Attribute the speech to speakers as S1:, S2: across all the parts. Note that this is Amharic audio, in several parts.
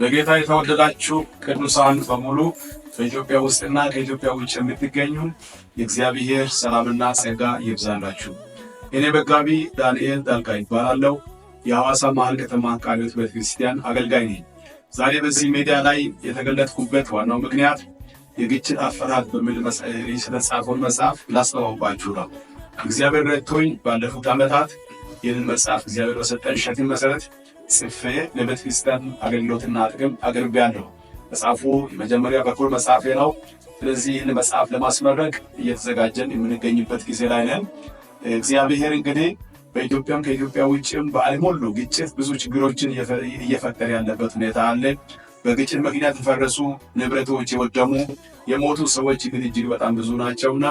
S1: በጌታ የተወደዳችሁ ቅዱሳን በሙሉ በኢትዮጵያ ውስጥና ከኢትዮጵያ ውጭ የምትገኙ የእግዚአብሔር ሰላምና ጸጋ ይብዛላችሁ። እኔ መጋቢ ዳንኤል ዳልጋ ይባላለሁ። የሐዋሳ መሀል ከተማ ቃለ ሕይወት አገልጋይ ነኝ። ዛሬ በዚህ ሚዲያ ላይ የተገለጥኩበት ዋናው ምክንያት የግጭት አፈታት በሚል ስለተጻፈውን መጽሐፍ ላስተዋውቃችሁ ነው። እግዚአብሔር ረድቶኝ ባለፉት ዓመታት ይህንን መጽሐፍ እግዚአብሔር በሰጠን ሸክም መሰረት ጽፌ ለቤተክርስቲያን አገልግሎትና ጥቅም አቅርቤያለሁ። መጽሐፉ የመጀመሪያ በኩል መጽሐፌ ነው። ስለዚህ ይህን መጽሐፍ ለማስመረቅ እየተዘጋጀን የምንገኝበት ጊዜ ላይ ነን። እግዚአብሔር እንግዲህ በኢትዮጵያም ከኢትዮጵያ ውጭም በዓለም ሁሉ ግጭት ብዙ ችግሮችን እየፈጠረ ያለበት ሁኔታ አለ። በግጭት ምክንያት የፈረሱ ንብረቶች፣ የወደሙ የሞቱ ሰዎች ግን እጅግ በጣም ብዙ ናቸውና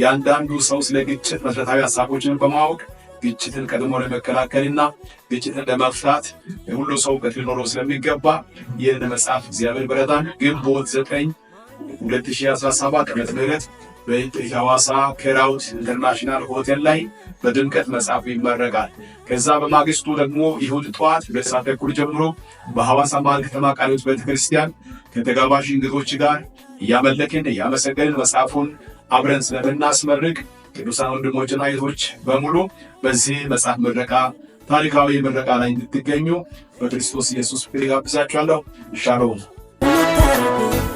S1: የአንዳንዱ ሰው ስለ ግጭት መሰረታዊ ሀሳቦችን በማወቅ ግጭትን ቀድሞ ለመከላከልና ግጭትን ለመፍታት ሁሉ ሰው እውቀት ሊኖረው ስለሚገባ ይህን መጽሐፍ እግዚአብሔር ብረታን ግንቦት ዘጠኝ 2017 ዓመተ ምህረት በሐዋሳ ኬራውት ኢንተርናሽናል ሆቴል ላይ በድምቀት መጽሐፉ ይመረቃል። ከዛ በማግስቱ ደግሞ ይሁድ ጠዋት ሁለት ሰዓት ተኩል ጀምሮ በሐዋሳ መሀል ከተማ ቃለ ሕይወት ቤተክርስቲያን ከተጋባዥ እንግዶች ጋር እያመለክን እያመሰገንን መጽሐፉን አብረን ስለምናስመርቅ ቅዱሳን ወንድሞችና እህቶች በሙሉ በዚህ መጽሐፍ ምረቃ ታሪካዊ ምረቃ ላይ እንድትገኙ በክርስቶስ ኢየሱስ ፍቅር ጋብዛችኋለሁ። ሻሎም